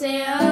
Sam.